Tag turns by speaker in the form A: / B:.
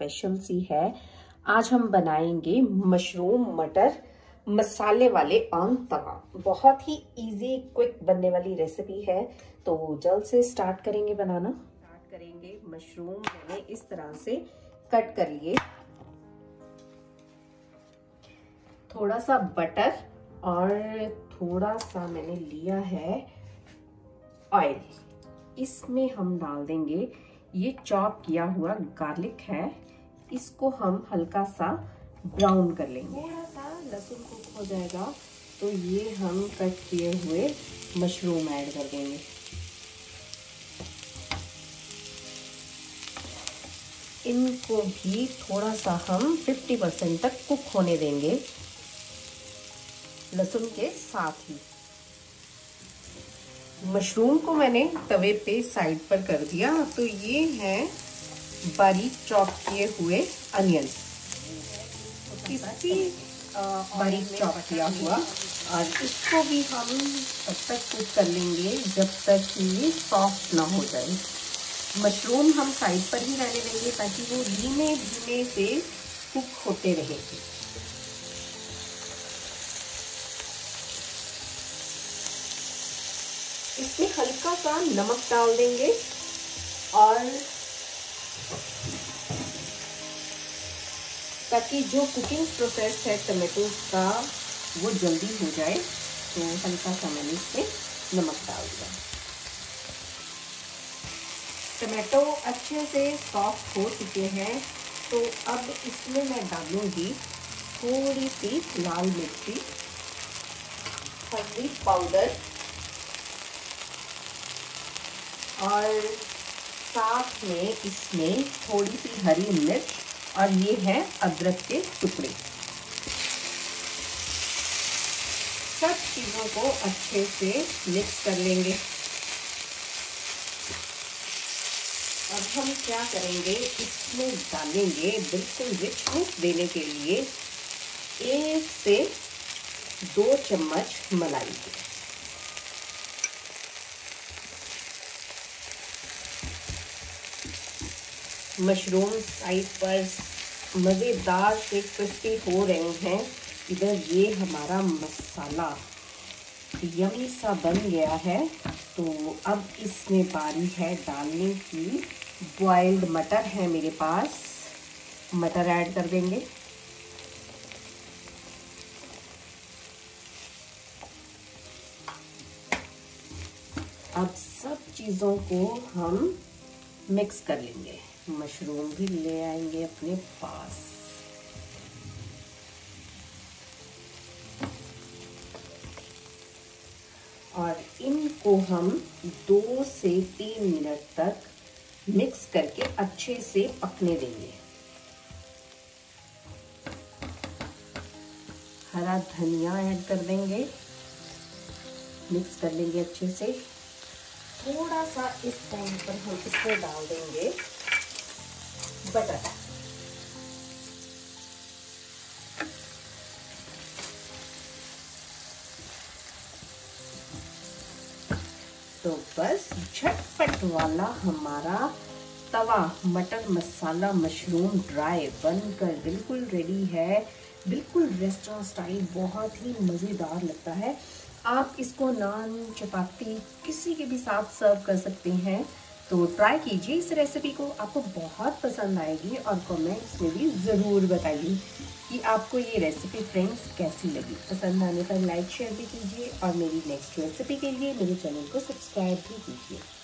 A: special सी है आज हम बनाएंगे मशरूम मटर मसाले वाले आम तवा बहुत ही इजी क्विक बनने वाली रेसिपी है तो जल्द से स्टार्ट करेंगे बनाना स्टार्ट करेंगे मशरूम मैंने इस तरह से कट कर लिए थोड़ा सा बटर और थोड़ा सा मैंने लिया है ऑयल इसमें हम डाल देंगे ये चॉप किया हुआ गार्लिक है इसको हम हल्का सा ब्राउन कर लेंगे थोड़ा सा लहसुन कुक हो जाएगा तो ये हम कट किए हुए मशरूम ऐड कर देंगे इनको भी थोड़ा सा हम 50 परसेंट तक कुक होने देंगे लहसुन के साथ ही मशरूम को मैंने तवे पे साइड पर कर दिया तो ये है बारीक चॉप किए हुए अनियन किसी बारीक चॉप किया हुआ और इसको भी हम तब तक कुक कर लेंगे जब तक कि ये सॉफ्ट ना हो जाए मशरूम हम साइड पर ही रहने देंगे ताकि वो धीमे धीमे से कुक होते रहे इसमें हल्का सा नमक डाल देंगे और ताकि जो कुकिंग प्रोसेस है टमेटो का वो जल्दी हो जाए तो हल्का सा मैंने इसमें नमक डाल दिया अच्छे से सॉफ्ट हो चुके हैं तो अब इसमें मैं डालूंगी थोड़ी सी लाल मिर्ची हल्दी पाउडर और साथ में इसमें थोड़ी सी हरी मिर्च और ये है अदरक के टुकड़े सब चीज़ों को अच्छे से मिक्स कर लेंगे अब हम क्या करेंगे इसमें डालेंगे बिल्कुल रूप देने के लिए एक से दो चम्मच मलाई के मशरूम साइड पर मज़ेदार से क्रिस्पी हो रहे हैं इधर ये हमारा मसाला यमी सा बन गया है तो अब इसमें बारी है डालने की बॉइल्ड मटर है मेरे पास मटर ऐड कर देंगे अब सब चीज़ों को हम मिक्स कर लेंगे मशरूम भी ले आएंगे अपने पास और इनको हम दो से तीन मिनट तक मिक्स करके अच्छे से पकने देंगे हरा धनिया ऐड कर देंगे मिक्स कर लेंगे अच्छे से थोड़ा सा इस टाइम पर हम इसमें डाल देंगे बटर तो बस झटपट वाला हमारा तवा मटर मसाला मशरूम ड्राई बनकर बिल्कुल रेडी है बिल्कुल रेस्टोरेंट स्टाइल बहुत ही मज़ेदार लगता है आप इसको नान चपाती किसी के भी साथ सर्व कर सकते हैं तो ट्राई कीजिए इस रेसिपी को आपको बहुत पसंद आएगी और कमेंट्स में भी ज़रूर बताइए कि आपको ये रेसिपी फ्रेंड्स कैसी लगी पसंद आने पर लाइक शेयर भी कीजिए और मेरी नेक्स्ट रेसिपी के लिए मेरे चैनल को सब्सक्राइब भी कीजिए